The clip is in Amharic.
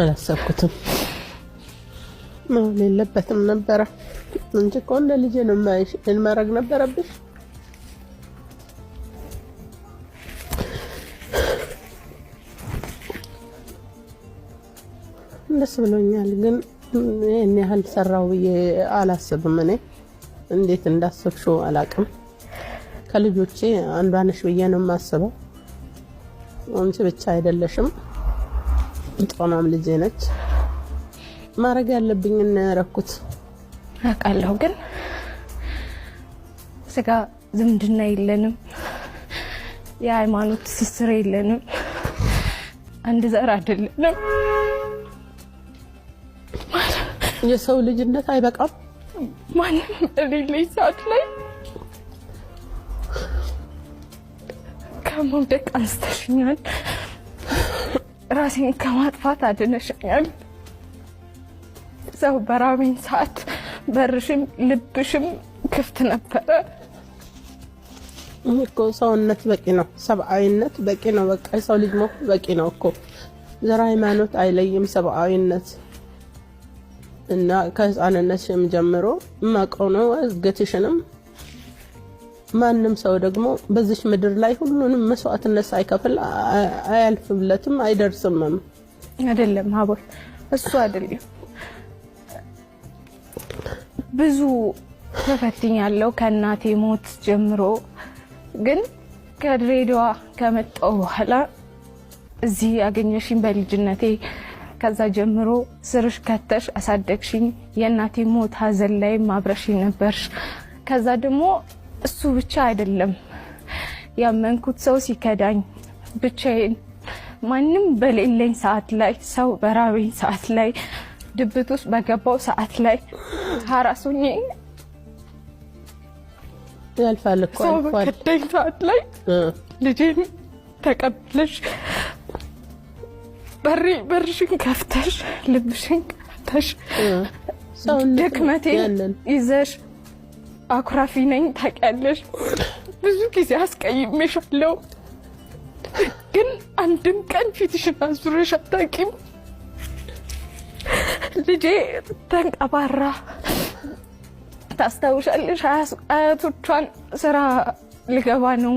አላሰብኩትም። መሆን የለበትም ነበረ እንጂ እኮ ልጅ ነው የማይሽ ማድረግ ነበረብሽ። ደስ ብሎኛል፣ ግን ይህን ያህል ሰራው ብዬ አላስብም። እኔ እንዴት እንዳሰብሹ አላቅም። ከልጆቼ አንዷ ነሽ ብዬ ነው የማስበው። አንቺ ብቻ አይደለሽም፣ ጦናም ልጄ ነች። ማድረግ ያለብኝ ነው አውቃለሁ፣ ግን ስጋ ዝምድና የለንም፣ የሃይማኖት ትስስር የለንም፣ አንድ ዘር አይደለንም። የሰው ልጅነት አይበቃም። ማንም በሌለኝ ሰዓት ላይ ከመውደቅ አንስተሽኛል። ራሴን ከማጥፋት አድነሽኛል። ሰው በራበኝ ሰዓት በርሽም ልብሽም ክፍት ነበረ እኮ። ሰውነት በቂ ነው፣ ሰብአዊነት በቂ ነው። በቃ የሰው ልጅ መሆን በቂ ነው እኮ። ዘር ሃይማኖት አይለይም፣ ሰብአዊነት እና ከህፃንነትሽም ጀምሮ እማቀው ነው እድገትሽንም ማንም ሰው ደግሞ በዚች ምድር ላይ ሁሉንም መስዋዕትነት ሳይከፍል አያልፍለትም፣ አይደርስምም። አይደለም ሀቦል እሱ አይደለም። ብዙ ተፈትኛለሁ ከእናቴ ሞት ጀምሮ። ግን ከድሬዳዋ ከመጣሁ በኋላ እዚህ ያገኘሽኝ በልጅነቴ ከዛ ጀምሮ ስርሽ ከተሽ አሳደግሽኝ። የእናቴ ሞት ሀዘን ላይ ማብረሽኝ ነበርሽ። ከዛ ደግሞ እሱ ብቻ አይደለም ያመንኩት ሰው ሲከዳኝ፣ ብቻዬን ማንም በሌለኝ ሰዓት ላይ፣ ሰው በራበኝ ሰዓት ላይ፣ ድብት ውስጥ በገባው ሰዓት ላይ ሀራሱኝ ያልፋል እኮ ሰው በከዳኝ ሰዓት ላይ ልጄን ተቀብለሽ በርሽን ከፍተሽ ልብሽን ከፍተሽ ደክመቴ ይዘሽ አኩራፊ ነኝ ታውቂያለሽ። ብዙ ጊዜ አስቀይሜሻለሁ፣ ግን አንድም ቀን ፊትሽን አዙረሽ አታውቂም። ልጄ ተንቀባራ ታስታውሻለሽ። አያቶቿን ስራ ልገባ ነው